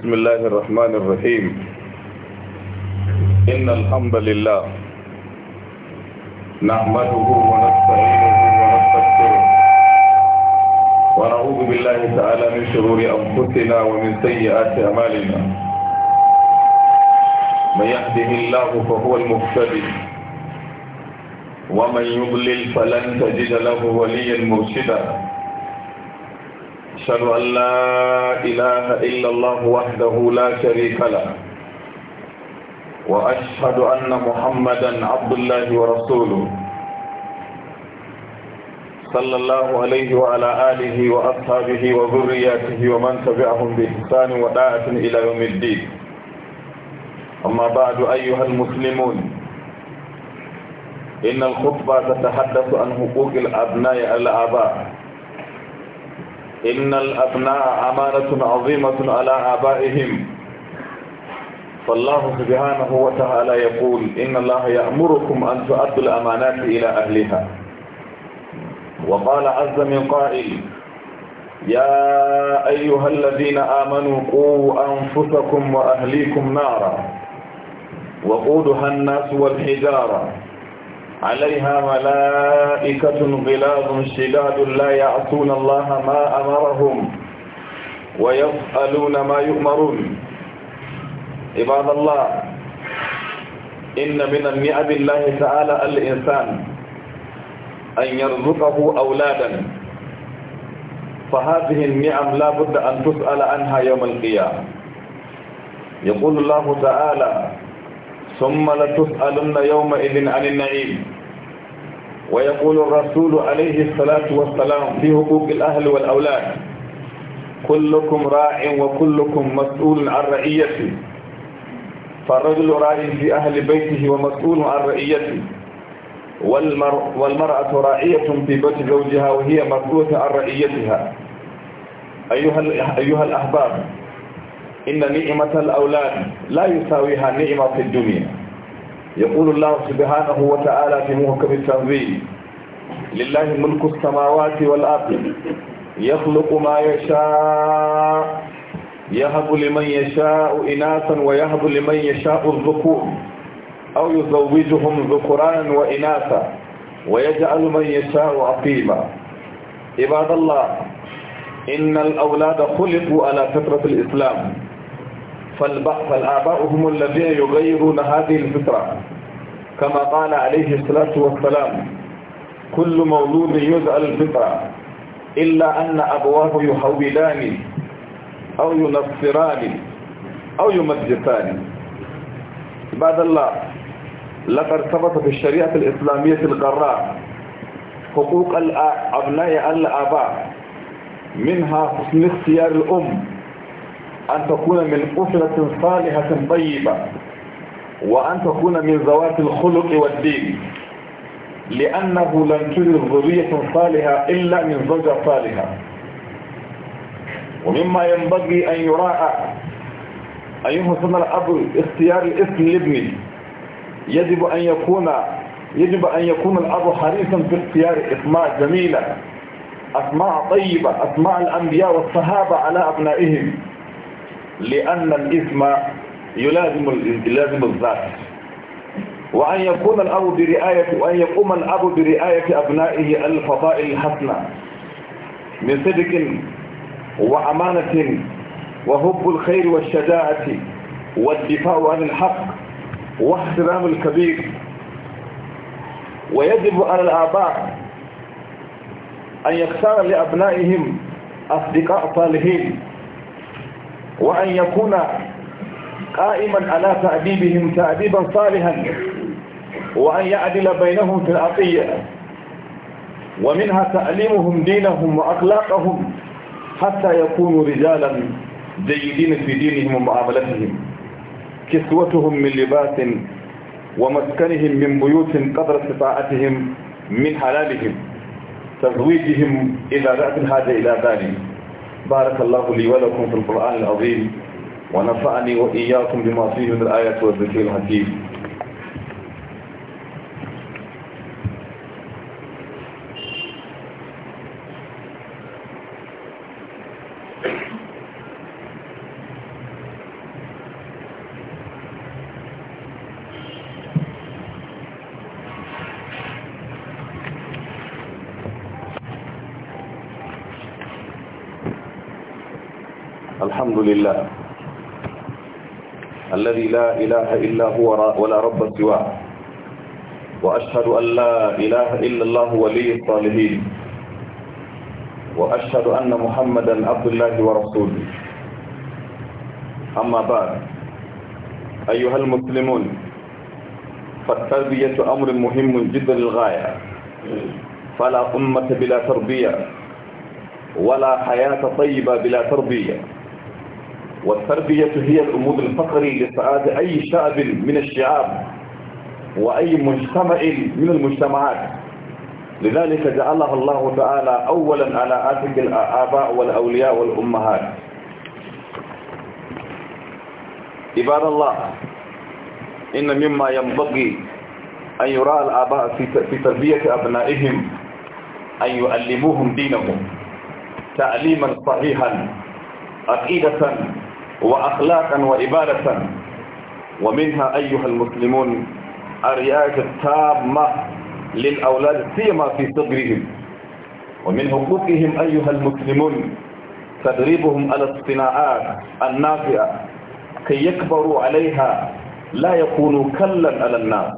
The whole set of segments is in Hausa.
بسم الله الرحمن الرحيم إن الحمد لله نحمده ونستعينه ونستغفره ونعوذ بالله تعالى من شرور أنفسنا ومن سيئات أمالنا من يهده الله فهو المهتدي ومن يضلل فلن تجد له وليا مرشدا وأشهد أن لا إله إلا الله وحده لا شريك له وأشهد أن محمدا عبد الله ورسوله صلى الله عليه وعلى آله وأصحابه وذرياته ومن تبعهم بإحسان وداعة إلى يوم الدين أما بعد أيها المسلمون إن الخطبة تتحدث عن حقوق الأبناء على الآباء إن الأبناء أمانة عظيمة على آبائهم فالله سبحانه وتعالى يقول إن الله يأمركم أن تؤدوا الأمانات إلى أهلها وقال عز من قائل يا أيها الذين آمنوا قوا أنفسكم وأهليكم نارا وقودها الناس والحجارة عليها ملائكة غلاظ شداد لا يعصون الله ما أمرهم ويفعلون ما يؤمرون عباد الله إن من النعم الله تعالى الإنسان أن يرزقه أولادا فهذه النعم لا بد أن تسأل عنها يوم القيامة يقول الله تعالى ثم لتسألن يومئذ عن النعيم ويقول الرسول عليه الصلاة والسلام في حقوق الأهل والأولاد كلكم راع وكلكم مسؤول عن رعيته فالرجل راع في أهل بيته ومسؤول عن رعيته والمر والمرأة راعية في بيت زوجها وهي مسؤولة عن رعيتها أيها, أيها الأحباب إن نعمة الأولاد لا يساويها نعمة في الدنيا يقول الله سبحانه وتعالى في محكم التنزيل لله ملك السماوات والأرض يخلق ما يشاء يهب لمن يشاء إناثا ويهب لمن يشاء الذكور أو يزوجهم ذكرانا وإناثا ويجعل من يشاء عقيما عباد الله إن الأولاد خلقوا على فطرة الإسلام فالآباء هم الذين يغيرون هذه الفطرة كما قال عليه الصلاة والسلام كل مولود يدعى الفطرة إلا أن أبواه يحولان أو ينصران أو يمجسان بعد الله لقد ثبت في الشريعة الإسلامية القراء حقوق أبناء الآباء منها حسن اختيار الأم أن تكون من أسرة صالحة طيبة وأن تكون من ذوات الخلق والدين لأنه لن تجد ذرية صالحة إلا من زوجة صالحة ومما ينبغي أن يراعى أيها يحسن الأب اختيار الاسم لابنه يجب أن يكون يجب أن يكون الأب حريصا في اختيار أسماء جميلة أسماء طيبة أسماء الأنبياء والصحابة على أبنائهم لأن الإثم يلازم يلازم الذات وأن يكون الأب برعاية وأن يقوم الأب برعاية أبنائه الفضائل الحسنة من صدق وأمانة وحب الخير والشجاعة والدفاع عن الحق واحترام الكبير ويجب على الآباء أن يختار لأبنائهم أصدقاء صالحين وأن يكون قائما على تأديبهم تأديبا صالحا وأن يعدل بينهم في العطية ومنها تعليمهم دينهم وأخلاقهم حتى يكونوا رجالا جيدين في دينهم ومعاملتهم كسوتهم من لباس ومسكنهم من بيوت قدر استطاعتهم من حلالهم تزويجهم إذا ذات الحاجة إلى ذلك بارك الله لي ولكم في القرآن العظيم ونفعني وإياكم بما فيه من الآيات والذكر الحكيم الحمد لله الذي لا إله إلا هو ولا رب سواه وأشهد أن لا إله إلا الله ولي الصالحين وأشهد أن محمدا عبد الله ورسوله أما بعد أيها المسلمون فالتربية أمر مهم جدا للغاية فلا أمة بلا تربية ولا حياة طيبة بلا تربية والتربية هي الأمود الفقري لسعادة أي شعب من الشعاب وأي مجتمع من المجتمعات لذلك جعلها الله تعالى أولا على آتك الآباء والأولياء والأمهات عباد الله إن مما ينبغي أن يرى الآباء في تربية أبنائهم أن يؤلموهم دينهم تعليما صحيحا عقيدة وأخلاقا وإبادة ومنها أيها المسلمون الرعاية التامة للأولاد سيما في صدرهم ومن حقوقهم أيها المسلمون تدريبهم على الصناعات النافعة كي يكبروا عليها لا يكونوا كلا على الناس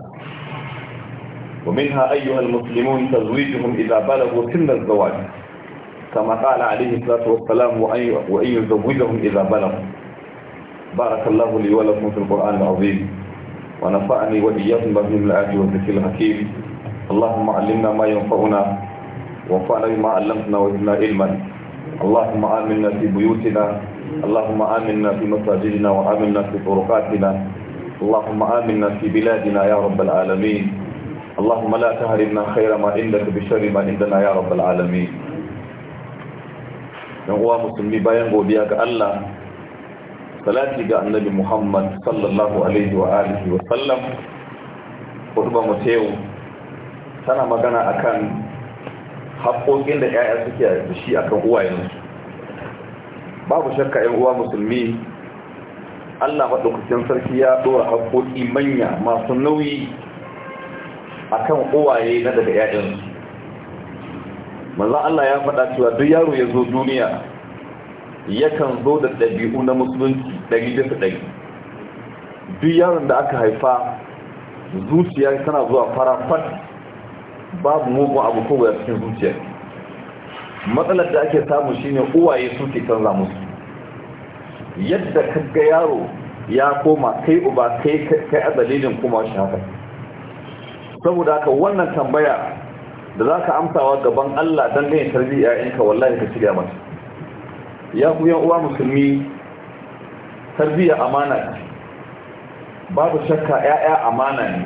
ومنها أيها المسلمون تزويجهم إذا بلغوا سن الزواج كما قال عليه الصلاة والسلام وأن يزوجهم إذا بلغوا بارك الله لي ولكم في القرآن العظيم ونفعني وإياكم بهم الآيات والذكر الحكيم اللهم علمنا ما ينفعنا وانفعنا بما علمتنا وزدنا علما اللهم آمنا في بيوتنا اللهم آمنا في مساجدنا وآمنا في طرقاتنا اللهم آمنا في بلادنا يا رب العالمين اللهم لا تهرمنا خير ما عندك بشر ما عندنا يا رب العالمين yan uwa musulmi bayan godiya ga Allah salati ga annabi muhammad sallallahu alaihi wa alihi wa sallam hudubar mu yau tana magana akan haƙoƙin da 'ya'ya suke da shi akan uwayensu babu shakka 'yan uwa musulmi allah maɗaukacin sarki ya ɗora haƙoƙi manya masu nauyi akan uwaye na daga 'ya'yansu manzan allah ya faɗa cewa duk yaro ya zo duniya yakan zo da ɗabi'u na musulunci ɗari duk yaron da aka haifa zuciya tana zuwa fara fat babu mugu abu ko a cikin zuciya matsalar da ake samu shine uwaye suke canza musu yadda kaga yaro ya koma kai uba kai kai a dalilin kuma shi haka saboda haka wannan tambaya da za ka amsawa gaban Allah don ganin tarbiyya yanka wallahi ka shirya mata ya ku yan uwa musulmi tarbiyya amana babu shakka ya'ya amana ne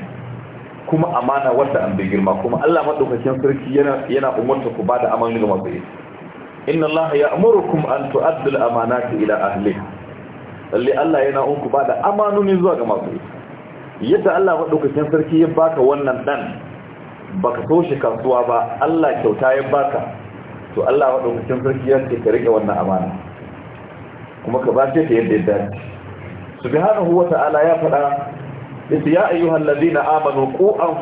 kuma amana wadda an bai girma kuma Allah madaukakin sarki yana yana umarta ku bada amana ga masu inna Allah ya'murukum an tu'addu al-amanati ila ahliha lalle Allah yana unku bada amanuni zuwa ga masu yadda Allah madaukakin sarki ya baka wannan dan baka so shi kasuwa ba Allah kyauta ya baka to Allah madaukakin sarki ya ce ka rike wannan amana kuma ka ba shi ta yadda ya dace subhanahu huwa ta'ala ya faɗa yace ya ayyuhal ladina amanu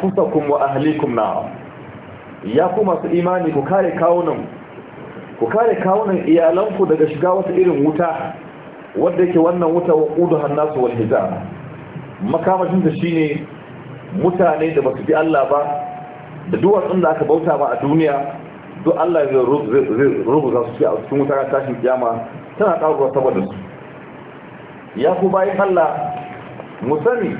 fusa kuma wa ahlikum na. ya ku masu imani ku kare kawunan ku kare kawunan iyalanku daga shiga wata irin wuta wanda yake wannan wuta wa quduhan hannasu wal hiza makamashin ta shine mutane da basu bi Allah ba da duwatsun da aka bauta ba a duniya duk Allah zai rubuta su a cikin wuta tashin kiyama tana ɗaruwa saboda su ya ku bayi Allah mu sani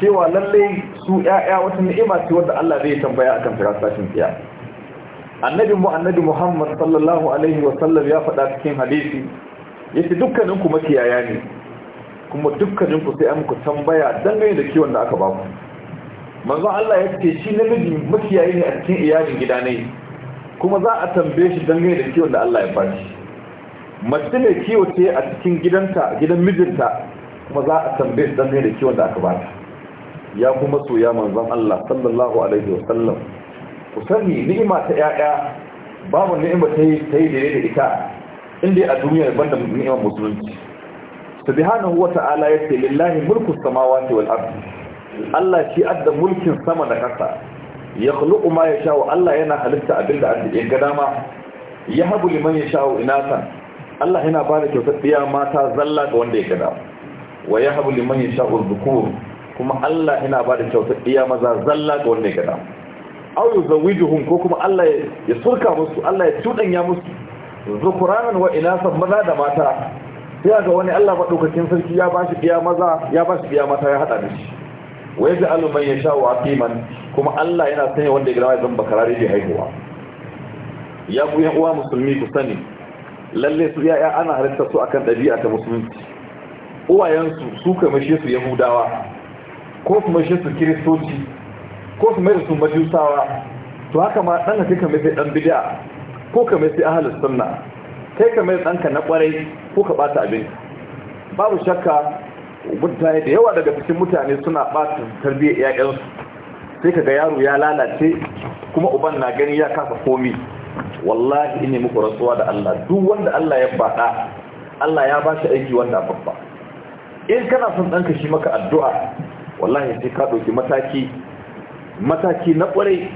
cewa lallai su ‘ya'ya wata ni'ima ce wadda Allah zai tambaya akan firasashin tsiya annabi mu annabi Muhammad sallallahu alaihi wa sallam ya faɗa cikin hadisi ce dukkaninku makiyaya ne kuma dukkaninku sai an ku tambaya dangane da kiwon da aka ba ku manzo Allah ya ce shi namiji makiyayi ne a cikin iyalin gida ne kuma za a tambaye shi dangane da kiwon da Allah ya ba shi mace mai kiwo ce a cikin gidanta gidan mijinta kuma za a tambaye su dangane da kiwon da aka bata ya kuma soya manzon Allah sallallahu alaihi wasallam ku sani ni'ima ta yaya babu ni'ima ta yi ta yi da ita inda a duniya ban da ni'imar musulunci subhanahu wa ta'ala yace lillahi mulku samawati wal ardi Allah shi adda mulkin sama da ƙasa ya khluqu ma yasha Allah yana halitta abinda an da ya ga dama yahabu liman yasha inatan Allah yana ba da kyautar biya mata zalla ga wanda ya gada wa ya habu liman ya sha'ur zukur kuma Allah yana ba da kyautar biya maza zalla ga wanda ya gada au yi zawijuhun ko kuma Allah ya surka musu Allah ya cuɗanya musu zukuranan wa inasan maza da mata sai ga wani Allah maɗaukakin sarki ya ba shi ɗiya maza ya ba shi mata ya haɗa da shi wa ya ja'alu man ya sha'u aqiman kuma Allah yana sanya wanda ya gada ya zamba karare da haihuwa ya ku yan uwa musulmi ku sani lalle su ya'ya ana halitta su akan ɗabi'a ta musulunci uwayensu su ka mashe su yahudawa ko su mashe su kiristoci ko su mai da su majusawa to haka ma ɗan kai kamar sai ɗan bid'a ko kamar sai ahalus sunna kai kamar ɗanka na ƙwarai ko ka ɓata abin babu shakka mutane da yawa daga cikin mutane suna ɓata tarbiyyar 'ya'yansu sai ka ga yaro ya lalace kuma uban na gani ya kasa komi wallahi ne muku rasuwa da Allah duk wanda Allah ya faɗa Allah ya ba shi aiki wanda babba in kana son danka shi maka addu'a wallahi sai ka ɗauki mataki mataki na kware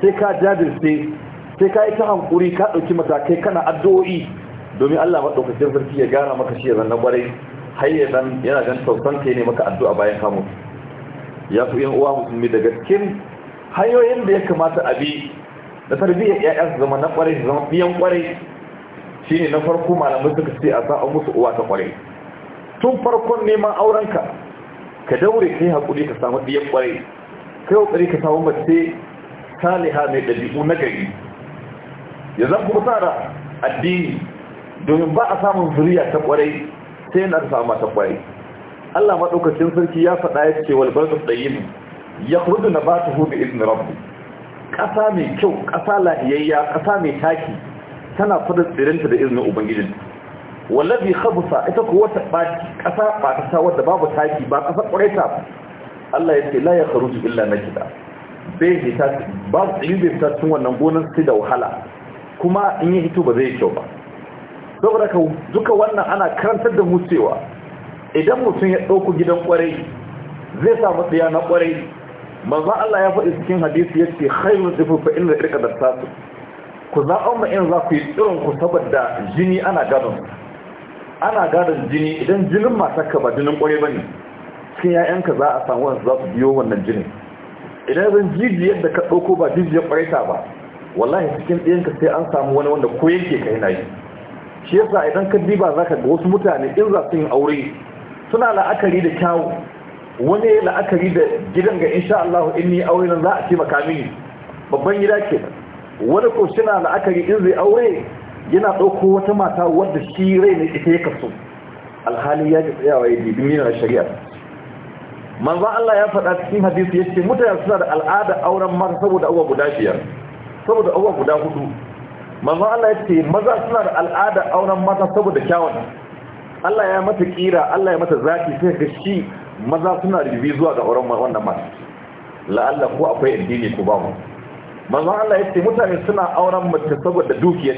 sai ka jajirce sai ka yi ta hankuri ka ɗauki matakai kana addu'o'i domin Allah maɗaukacin sarki ya gara maka shi yanzu na kware har ya dan yana dan tausan kai ne maka addu'a bayan mutu ya fi yan uwa musulmi daga cikin hanyoyin da ya kamata a bi da tarbiyyar ƴaƴa su zama na ƙwarai su zama biyan ƙwarai shine na farko malamai suka ce a sa'a musu uwa ta ƙwarai tun farkon neman aurenka ka daure kai hakuri ka samu biyan kwarai kai kokari ka samu mace saliha mai dabi'u na gari ya zan kuma da addini domin ba a samun zuriya ta kwarai sai na samu mata ƙwarai Allah maɗaukacin sarki ya faɗa ya ce walbar da tsayin ya kurdu na ba ta hudu izinin rabu ƙasa mai kyau ƙasa lahiyayya ƙasa mai taki tana fadar tsirinta da izinin ubangijin wallafi khabusa ita kuwa ta baki ƙasa ba ta sa wadda babu taki ba ƙasa ƙwaita Allah ya ce la ya kharuju illa nakida bai ta ba tsirin bai fita cikin wannan gonar sai da wahala kuma in yi hito ba zai kyau ba saboda ka duka wannan ana karantar da mu cewa idan mutum ya ɗauko gidan ƙwarai zai samu matsaya na ƙwarai manzo Allah ya faɗi cikin hadisi yace khairu dufu fa inna irka tasu ku za amma in za ku yi tsirin ku saboda jini ana gadon ana gadon jini idan jinin matarka ba jinin kwarai bane cikin yayanka za a samu wanda za su biyo wannan jinin idan zan jiji da ka ɗauko ba jijiyar ƙwaita ba wallahi cikin ɗiyanka sai an samu wani wanda ko yake ka yana yi shi yasa idan ka diba za ka ga wasu mutane in za su yin aure suna la'akari da kyawu wani la'akari da gidan ga insha Allah in ni aure nan za a ce makamini babban gida ke wani ko suna la'akari in zai aure yana ɗauko wata mata wadda shi rai ne ita ya kaso alhali ya ji tsayawa ya bibi minar shari'a manzo Allah ya faɗa cikin hadisi ya ce mutane suna da al'ada auren mata saboda abubuwa guda biyar saboda abubuwa guda hudu manzo Allah ya ce maza suna da al'ada auren mata saboda kyawun Allah ya mata kira Allah ya mata zaki sai ga shi maza suna rubi zuwa ga auren wannan mata la'alla ko akwai addini ko mu? manzon Allah ya ce mutane suna auren mace saboda dukiya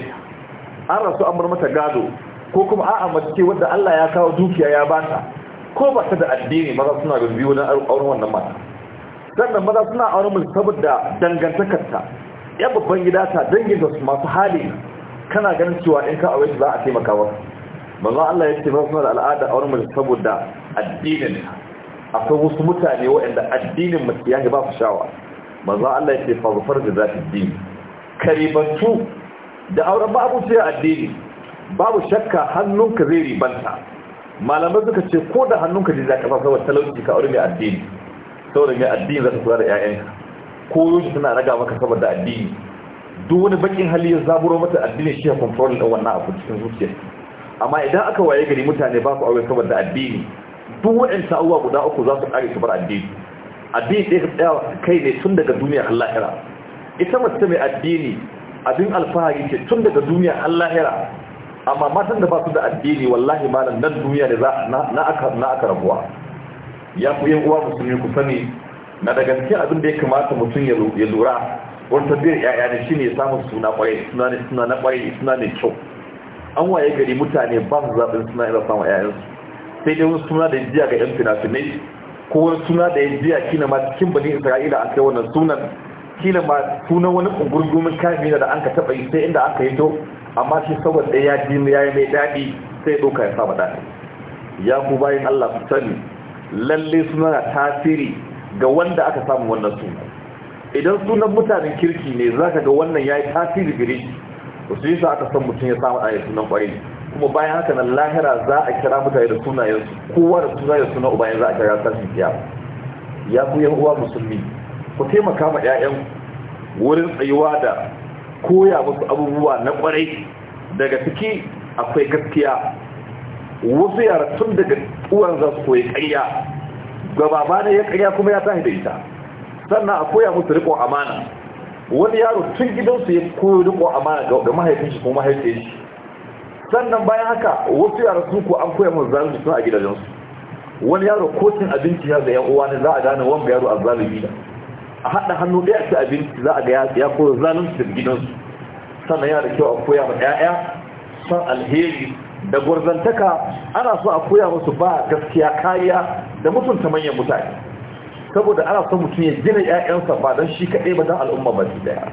an rasu an mata gado ko kuma a'a mace ce wanda Allah ya kawo dukiya ya bata ko ba ta da addini maza suna rubi wajen auren wannan mata sannan maza suna auren mace saboda dangantakarta ya babban gida ta dangin da masu hali kana ganin cewa in ka aure za a taimaka maka manzon Allah ya ce maza suna da al'ada auren mace saboda addinin akwai wasu mutane waɗanda addinin mutu ya ba su shawa maza Allah ya ce farfar da za su din karibantu da auren babu sai addini babu shakka hannunka zai ribanta malamai suka ce ko da hannunka zai zaka fasa wata talauci ka aure mai addini saboda mai addini za ta kula da ƴaƴanka ko yoshi suna raga maka saboda addini duk wani bakin hali ya zaburo mata addini shi ya control din wannan abu cikin zuciya amma idan aka waye gari mutane ba su aure saboda addini Tun wa'in uwa guda uku za su kare su bar addini addini ɗaya ɗaya kai ne tun daga duniya har lahira ita mace mai addini abin alfahari ce tun daga duniya har lahira amma matan da ba su da addini wallahi malam nan duniya ne na aka na aka rabuwa ya ku yan uwa musulmi ku sani na daga cikin abin da ya kamata mutum ya lura wani tabbiyar yaya ne shine ya samu suna kwarai suna ne suna na kwarai suna ne kyau an waye gari mutane ba su zaɓin suna ya samun yayansu sai dai wani suna da ya jiya ga yan finafinai ko wani suna da ya jiya kina ma cikin bani isra'ila a kai wannan sunan kina ma sunan wani gurgumin na da an ka taɓa yi sai inda an ka yi to amma shi saboda ya ji ya yi mai daɗi sai ɗauka ya saba daɗi ya ku bayan allah ku sani lalle suna na tasiri ga wanda aka samu wannan sunan idan sunan mutanen kirki ne za ka ga wannan ya yi tasiri gare shi su yi sa aka san mutum ya samu a sunan ƙwarai kuma bayan haka nan lahira za a kira mutane da sunayensu kowa da sunayen suna ubayen za a kira sashen kiya ya ku yan uwa musulmi ku taimaka ma 'ya'yan wurin tsayuwa da koya musu abubuwa na kwarai daga ciki akwai gaskiya wasu yara tun daga uwan za su koyi karya gababa ne ya karya kuma ya tahi da ita sannan a koya musu riƙon amana wani yaro tun gidansu ya koyo riƙon amana ga mahaifin shi ko mahaifin shi sannan bayan haka wasu yara su ko an koya mu zalunci suna a gidajensu wani yaro kocin abinci ya ga uwa ne za a gane wanda yaro a zalunci da a haɗa hannu ɗaya a abinci za a ga ya koya zalunci gidansu sannan yana da kyau a koya ma 'ya'ya son alheri da gwarzantaka ana so a koya musu ba gaskiya kariya da mutunta manyan mutane saboda ana so mutum ya gina 'ya'yansa ba don shi kaɗai ba don al'umma ba daya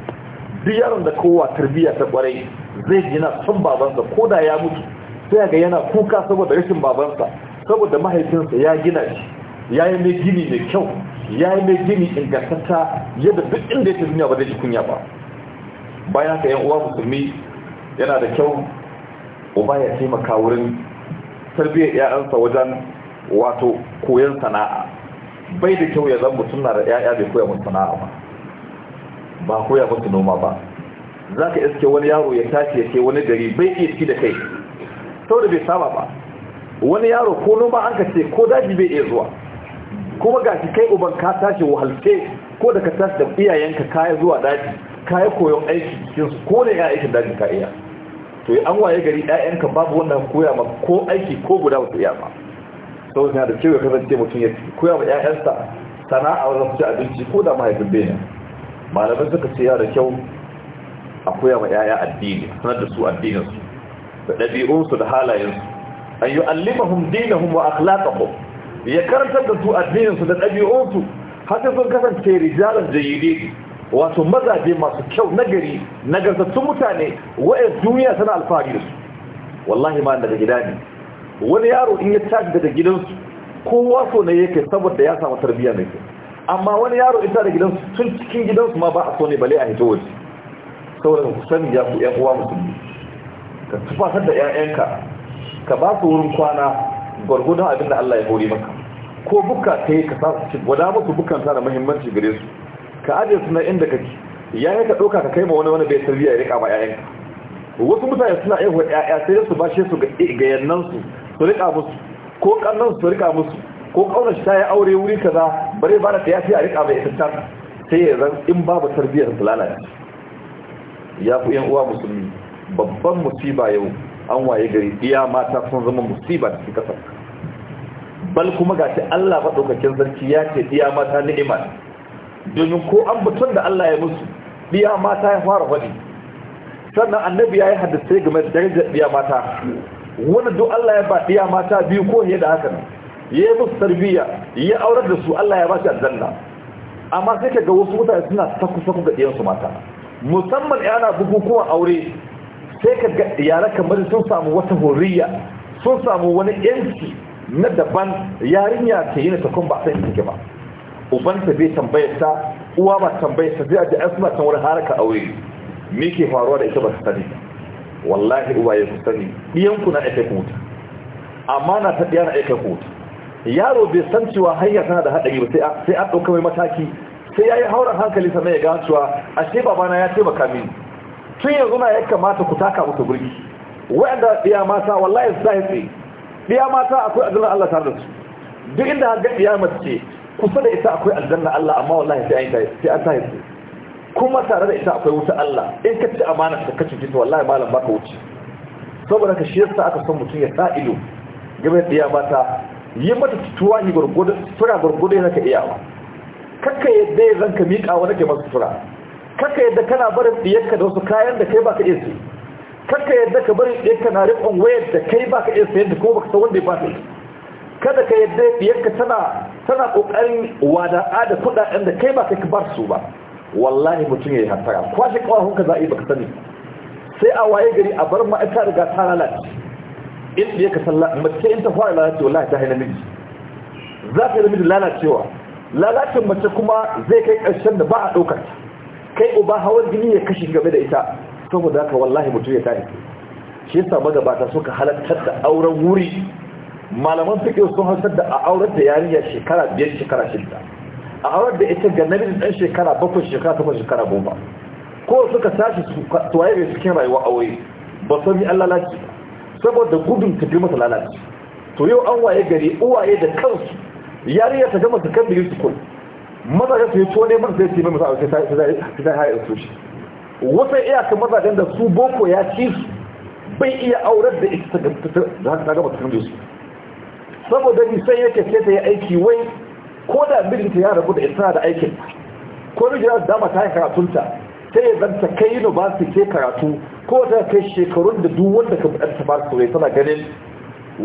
duk yaron da kowa tarbiyya ta kwarai zai gina son babansa ko da ya mutu sai ga yana kuka saboda rashin babansa saboda mahaifinsa ya gina shi ya yi mai gini mai kyau ya yi mai gini ingantatta yadda duk inda ya ta duniya ba zai ji kunya ba bayan ka yan uwa musulmi yana da kyau uba ya taimaka wurin tarbiyyar 'ya'yansa wajen wato koyon sana'a bai da kyau ya zama mutum na da 'ya'ya bai koya mun sana'a ba ba koya musu noma ba za ka iske wani yaro ya tashi ya ce wani gari bai iya ci da kai sau da bai saba ba wani yaro ko noma an ka ce ko daji bai iya zuwa kuma gashi kai uban ka tashi wahalce ko da ka tashi da iyayenka kaya zuwa daji kaya koyon aiki cikin su ko da ya aikin dajin ka iya to an waye gari ɗayanka babu wannan koya ma ko aiki ko guda wata iya ba sau da kyau ya kasance mutum ya koya ma 'ya'yansa sana'a wajen su abinci ko da mahaifin bene malamai suka ce da kyau a koya ma yaya addini sanar da su addininsu da ɗabi'unsu da halayensu an yi allimahum dinahum wa akhlaqahum ya karantar da su addininsu da ɗabi'unsu har sai sun kasance rijalan jayyidi wato mazaje masu kyau nagari nagartattun mutane wa'in duniya tana alfahari da su wallahi ma daga gida ne wani yaro in ya tashi daga gidansu kowa so ne yake saboda ya samu tarbiyya mai kyau amma wani yaro isa da gidansu tun cikin gidansu ma ba a so ne bale a hito waje saboda ku sani ya ku yan uwa musulmi ka tufasar da 'ya'yanka ka ba su wurin kwana gwargwadon abin da Allah ya hori maka ko buka ta yi ka sa su ci gwada musu bukan da muhimmanci gare su ka ajiye su na inda kake ya yi ka ɗauka ka kai ma wani wani bai tarbiyya ya rika ba 'ya'yanka wasu mutane suna aihuwa 'ya'ya sai su bashe su ga yannan su su rika musu ko kannan su rika musu ko kaunar ta yi aure wuri kaza bare ba da tayafi a rika mai ita sai ya zan in babu tarbiyyar su lalace ya fi yan uwa musulmi babban musiba yau an waye gari iya mata sun zama musiba da su kasar bal kuma ga shi Allah maɗaukakin sarki ya ce iya mata ni'ima domin ko an batun da Allah ya musu iya mata ya fara faɗi sannan annabi ya yi hadisai game da darajar iya mata wani duk Allah ya ba iya mata biyu ko ya da haka nan ya yi musu tarbiyya ya aurar da su Allah ya ba shi aljanna amma sai kaga wasu mutane suna saku saku ga ɗiyansu mata musamman yana bukukuwan aure sai ka ga yara kamar sun samu wata horiya sun samu wani yanci na daban yarinya ta yi ta kun ba sai take ba Uban ta bai tambayar ta uwa ba tambayar ta zai aje suna ta wani haraka aure me ke faruwa da ita ba ta sani wallahi ya ku sani ɗiyanku na aika ku wuta amma na ta ɗiya na aika ku wuta yaro bai san cewa hanya tana da haɗari ba sai an ɗauka mai mataki sai ya yi hauren hankali sannan ya gano cewa ashe babana ya taimaka min tun yanzu na ya kamata ku taka musu birki waɗanda ɗiya mata wallahi su tahi tsaye ɗiya mata akwai aljanna Allah tare da su duk inda har ga ɗiya ce kusa da ita akwai aljanna Allah amma wallahi sai an tahi tsaye kuma tare da ita akwai wuta Allah in ka ci amana ka kace ki wallahi malam baka wuce saboda ka shi yasa aka son mutum ya sa ido game da ɗiya mata yi mata tutuwa yi gurgudu gwargwado gurgudu yana ka iyawa kakka yadda ya zanka miƙa wani ke masu sutura kakka yadda kana barin ɗiyarka da wasu kayan da kai baka iya kakka yadda ka barin ɗiyarka na rikon wayar da kai baka iya sayar da kuma baka san wanda ya ba ta kada ka yadda ɗiyarka tana tana ƙoƙarin wada'a da kuɗaɗen da kai baka bar su ba wallahi mutum ya yi hantara kwashe ƙawahunka za a yi baka sani sai a waye gari a bar ma'aikata da ta lalace in da yaka sallah mace in ta fara lalace wallahi ta haina miji za ka yi miji lalacewa lalacin mace kuma zai kai ƙarshen da ba a ɗaukar kai uba hawan jini ya kashe game da ita saboda haka wallahi mutum ya tare shi yasa magabata suka halartar da auren wuri malaman fiƙe sun halartar da a auren da yarinya shekara biyar shekara shida a auren da ita ga namiji ɗan shekara bakwai shekara takwas shekara goma ko suka tashi tuwaye mai cikin rayuwa a wuri ba san yi allah lalaci ba saboda gudun tafi masa lalaci to yau an waye gari uwaye da kansu yari ta gama su kan biyu school Maza su yi tone masa sai su yi masa aure sai ta haya su shi wata iyakan mazajen da su boko ya ci su bai iya aurar da ita da haka ta gama su kan su saboda ni sai yake sai ta yi aiki wai ko da mijinta ya rabu da ita da aikin ko mijinta da dama ta yi karatunta sai ya zanta kai su ke karatu ko ta kai shekarun da duk wanda ka fadar ta ba su tana ganin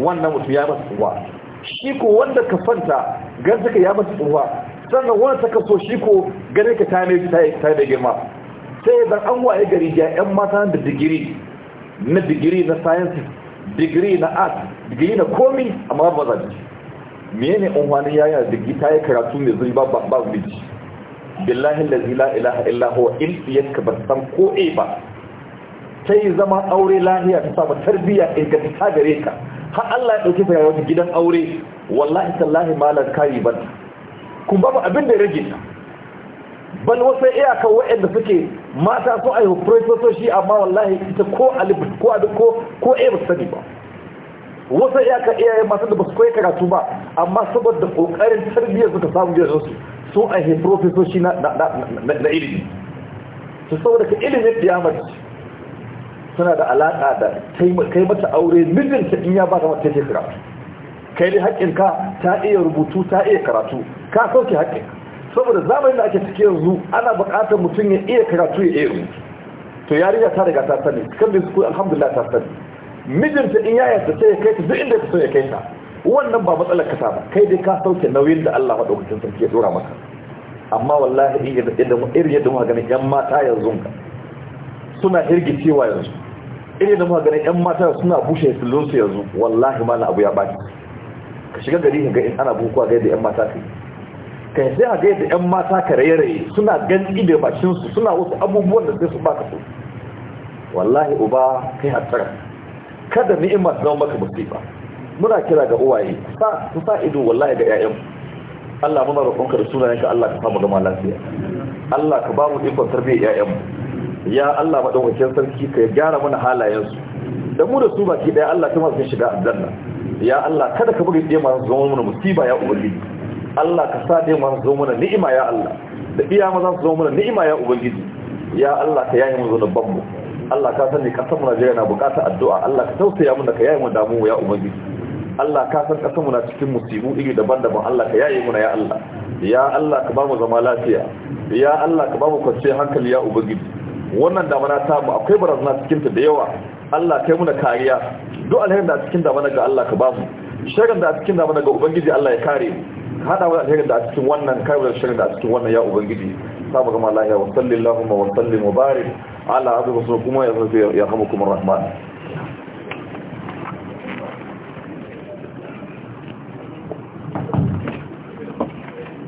wannan mutum ya masu uwa. shi ko wanda ka fanta gan suka ya masu uwa, sannan wanda ta kaso shi ko gare ka ta mai ta mai girma sai zan an waye gari ga yan mata da digiri na digiri na science digiri na art digiri na komi amma ba za ji mene unwani yaya digiri ta yi karatu mai zuri ba ba ba billahi la ilaha illa huwa in yaka ba san ko e ba ta yi zama aure lahiya ta samu tarbiyya inganta gare ka har Allah ya ɗauki sa yawon gidan aure wallahi lahi malar kayi ban Kun babu abin da ya rage ta ban wasu iyakar waɗanda suke mata sun aihu shi amma wallahi ita ko alibu ko adu ko ko a ba sani ba wasu iyakar iyaye masu da ba su koyi karatu ba amma saboda kokarin tarbiyyar suka samu gidansu sun aihe shi na ilimi su saboda ka ilimin kiyamar suna da alaƙa da kai mata aure mijinta in ya ba ta mata take karatu kai dai haƙƙinka ta iya rubutu ta iya karatu ka sauke haƙƙin saboda zamanin da ake ciki yanzu ana buƙatar mutum ya iya karatu ya iya rubutu to yarinya ta riga ta sani secondary suku alhamdulillah ta sani mijinta in ya yarda sai ya kai ta duk inda ka so ya kai ta wannan ba matsalar ka ba kai dai ka sauke nauyin da Allah madaukakin sarki ya dora maka amma wallahi irin yadda muka gani yan mata yanzu suna hirgicewa yanzu irin da maganin yan mata suna bushe filinsu yanzu wallahi ma na abu ya baki ka shiga gari ga in ana bukuwa ga yadda yan mata kai kai sai ga yadda yan mata ka raye-raye suna gani da bakinsu suna wasu abubuwan da sai su baka su wallahi uba kai hatsara kada ni'ima ta zama maka musiba muna kira ga uwaye sa su sa ido wallahi ga 'ya'yanmu Allah muna roƙonka da sunayenka Allah ka samu ma lafiya Allah ka ba mu ikon tarbiyyar 'ya'yanmu ya Allah maɗaukakin sarki ka gyara mana halayensu da mu da su baki ɗaya Allah ta masu shiga aljanna ya Allah kada ka buga ɗaya masu zama mana musiba ya ubangiji Allah ka sa ɗaya masu zama mana ni'ima ya Allah da iya maza su zama mana ni'ima ya ubangiji ya Allah ka yayi mu zunuban mu Allah ka sani kasar mu Najeriya na buƙatar addu'a Allah ka tausaya mu da ka yayi mu damu ya ubangiji Allah ka san kasar mu na cikin musibu iri daban-daban Allah ka yayi mu na ya Allah ya Allah ka ba mu zama lafiya ya Allah ka ba mu kwanciyar hankali ya ubangiji wannan damana ta mu akwai barazana cikin ta da yawa Allah kai muna kariya duk alherin da cikin damana ga Allah ka ba mu da cikin damana ga ubangiji Allah ya kare hada wa alherin da cikin wannan kare shirin da cikin wannan ya ubangiji sabu ga Allah ya wa sallallahu wa sallim wa barik ala abdi kuma ya yarhamukum Rahman.